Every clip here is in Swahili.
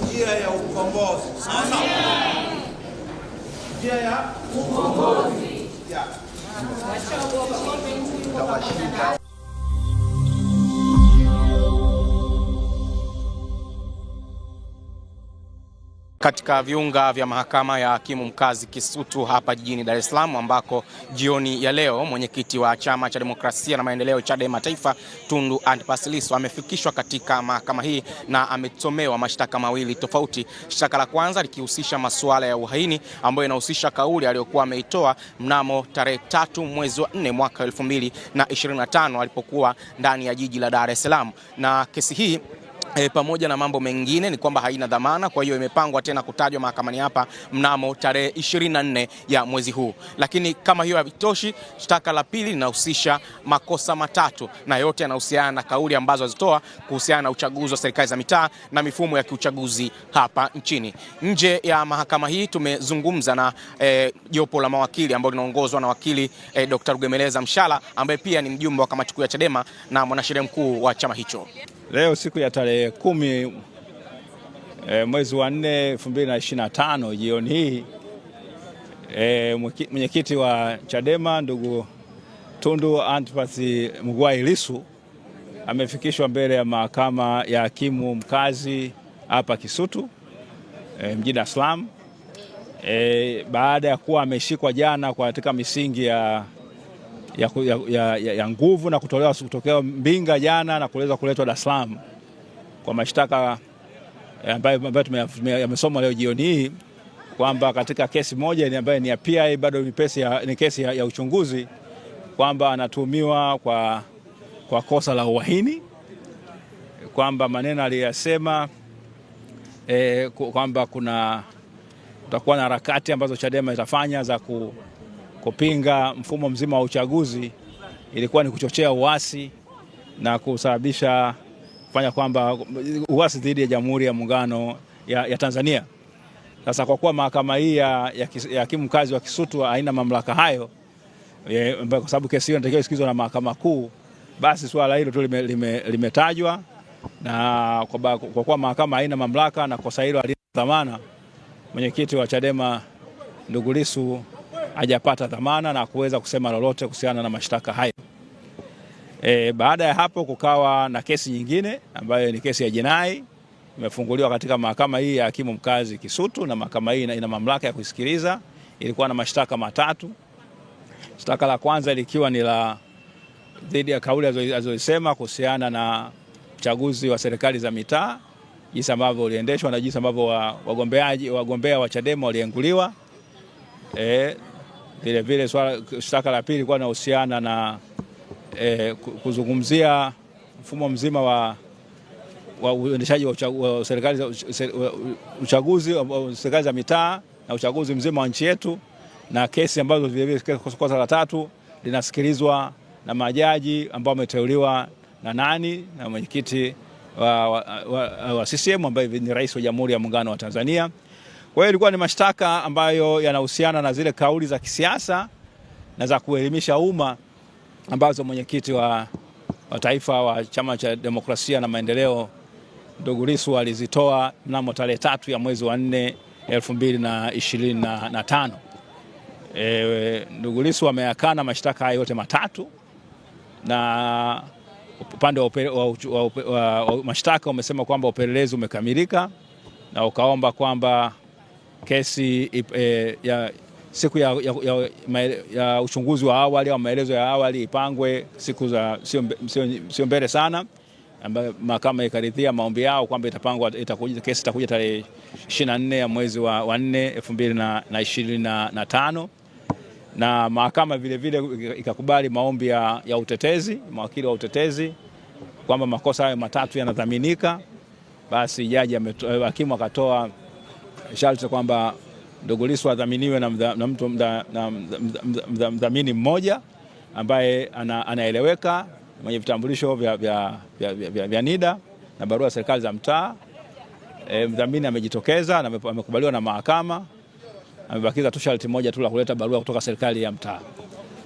Njia ya ukombozi. Sasa. Njia dia ukombozi. Ya. Washauokolewa. Katika viunga vya mahakama ya hakimu mkazi Kisutu hapa jijini Dar es Salaam, ambako jioni ya leo mwenyekiti wa chama cha demokrasia na maendeleo Chadema Taifa Tundu Antipas Lissu amefikishwa katika mahakama hii na amesomewa mashtaka mawili tofauti. Shtaka la kwanza likihusisha masuala ya uhaini ambayo inahusisha kauli aliyokuwa ameitoa mnamo tarehe tatu mwezi wa nne mwaka 2025 alipokuwa ndani ya jiji la Dar es Salaam na kesi hii E, pamoja na mambo mengine ni kwamba haina dhamana, kwa hiyo imepangwa tena kutajwa mahakamani hapa mnamo tarehe 24 ya mwezi huu. Lakini kama hiyo havitoshi, shtaka la pili linahusisha makosa matatu na yote yanahusiana na kauli ambazo azitoa kuhusiana na uchaguzi wa serikali za mitaa na mifumo ya kiuchaguzi hapa nchini. Nje ya mahakama hii tumezungumza na e, jopo e, la mawakili ambao linaongozwa na wakili e, Dr. Rugemeleza Mshala ambaye pia ni mjumbe wa kamati kuu ya Chadema na mwanasheria mkuu wa chama hicho. Leo siku ya tarehe kumi e, mwezi wa nne elfu mbili na ishirini na tano jioni hii e, mwenyekiti wa Chadema ndugu Tundu Antipas Mugwai Lissu amefikishwa mbele ya mahakama ya hakimu mkazi hapa Kisutu e, mjini Dar es Salaam e, baada ya kuwa ameshikwa jana katika misingi ya ya, ya, ya, ya nguvu na kutolewa kutokea Mbinga jana na kuweza kuletwa Dar es Salaam kwa mashtaka eh, ambayo yamesomwa leo jioni hii kwamba katika kesi moja ambayo ni ya PI bado ni kesi ya, ya uchunguzi kwamba anatuhumiwa kwa, kwa kosa la uhaini kwamba maneno aliyasema eh, kwamba kuna kutakuwa na harakati ambazo Chadema itafanya za ku kupinga mfumo mzima wa uchaguzi ilikuwa ni kuchochea uasi na kusababisha kufanya kwamba uasi dhidi ya Jamhuri ya Muungano ya, ya Tanzania. Sasa kwa kuwa mahakama hii ya, ya, ya hakimu mkazi wa Kisutu haina mamlaka hayo, kwa sababu kesi hiyo inatakiwa isikizwe na mahakama kuu, basi swala hilo tu limetajwa lime, lime na kwa, kwa kuwa mahakama haina mamlaka na kosa hilo halina dhamana, mwenyekiti wa Chadema ndugu Lissu hajapata dhamana na kuweza kusema lolote kuhusiana na mashtaka hayo. E, baada ya hapo kukawa na kesi nyingine ambayo ni kesi ya jinai imefunguliwa katika mahakama hii ya hakimu mkazi Kisutu, na mahakama hii ina mamlaka ya kusikiliza. Ilikuwa na mashtaka matatu, shtaka la kwanza likiwa ni la dhidi ya kauli alizosema kuhusiana na uchaguzi wa serikali za mitaa, jinsi ambavyo uliendeshwa na jinsi ambavyo wagombeaji wagombea wa Chadema walienguliwa e, vile swala shtaka la pili kuwa linahusiana na eh, kuzungumzia mfumo mzima wa wa uendeshaji wa serikali uchaguzi serikali za mitaa na uchaguzi mzima wa nchi yetu, na kesi ambazo vilevile kosa la tatu linasikilizwa na majaji ambao wameteuliwa na nani na mwenyekiti wa, wa, wa, wa CCM ambaye ni rais wa Jamhuri ya Muungano wa Tanzania. Kwa hiyo ilikuwa ni mashtaka ambayo yanahusiana na zile kauli za kisiasa na za kuelimisha umma ambazo mwenyekiti wa, wa taifa wa Chama cha Demokrasia na Maendeleo ndugu Lissu alizitoa mnamo tarehe tatu ya mwezi wa nne elfu mbili na ishirini na tano. E, ndugu Lissu ameyakana mashtaka hayo yote matatu na upande wa, wa, wa, wa, wa mashtaka umesema kwamba upelelezi umekamilika na ukaomba kwamba kesi e, ya siku ya, ya, ya, ya uchunguzi wa awali au maelezo ya awali ipangwe siku za sio mbele sana, ambayo mahakama ikaridhia maombi yao kwamba itapangwa itakuja, kesi itakuja tarehe 24 ya mwezi wa 4 2025 na na na mahakama vilevile ikakubali maombi ya, ya utetezi mawakili wa utetezi kwamba makosa hayo matatu yanadhaminika. Basi jaji hakimu akatoa sharti kwamba ndugu Lissu adhaminiwe na mtu mdhamini mmoja ambaye ana, anaeleweka mwenye vitambulisho vya, vya, vya, vya, vya NIDA na barua ya serikali za mtaa. E, mdhamini amejitokeza na amekubaliwa na mahakama, amebakiza tu sharti moja tu la kuleta barua kutoka serikali ya mtaa.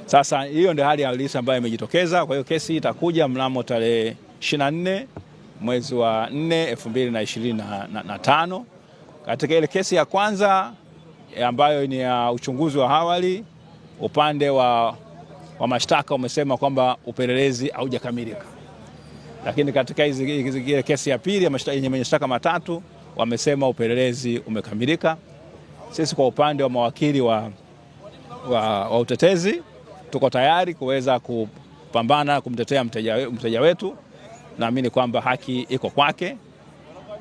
Sasa hiyo ndio hali halisi ambayo imejitokeza. Kwa hiyo kesi itakuja mnamo tarehe 24 mwezi wa 4 2025. Katika ile kesi ya kwanza eh, ambayo ni ya uchunguzi wa awali, upande wa, wa mashtaka umesema kwamba upelelezi haujakamilika, lakini katika ile kesi ya pili yenye mashtaka matatu wamesema upelelezi umekamilika. Sisi kwa upande wa mawakili wa, wa, wa utetezi tuko tayari kuweza kupambana kumtetea mteja, mteja wetu. Naamini kwamba haki iko kwake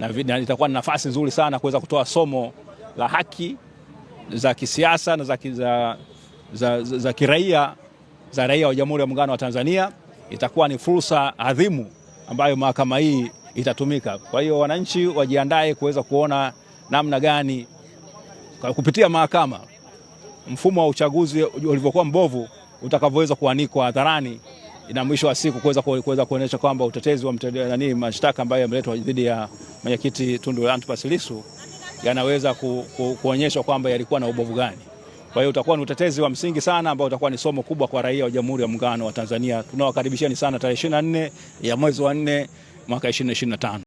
na itakuwa ni nafasi nzuri sana kuweza kutoa somo la haki za kisiasa na za, za, za, za, za kiraia za raia wa Jamhuri ya Muungano wa Tanzania. Itakuwa ni fursa adhimu ambayo mahakama hii itatumika. Kwa hiyo wananchi wajiandae kuweza kuona namna gani kwa kupitia mahakama mfumo wa uchaguzi ulivyokuwa mbovu utakavyoweza kuanikwa hadharani na mwisho wa siku kuweza kuonyesha kwamba utetezi wa nani mashtaka ambayo yameletwa dhidi ya mwenyekiti Tundu Antipas Lissu yanaweza ku, ku, kuonyeshwa kwamba yalikuwa na ubovu gani. Kwa hiyo utakuwa ni utetezi wa msingi sana ambao utakuwa ni somo kubwa kwa raia wa Jamhuri ya Muungano wa Tanzania. Tunawakaribisheni sana tarehe 24 ya mwezi wa 4 mwaka 2025.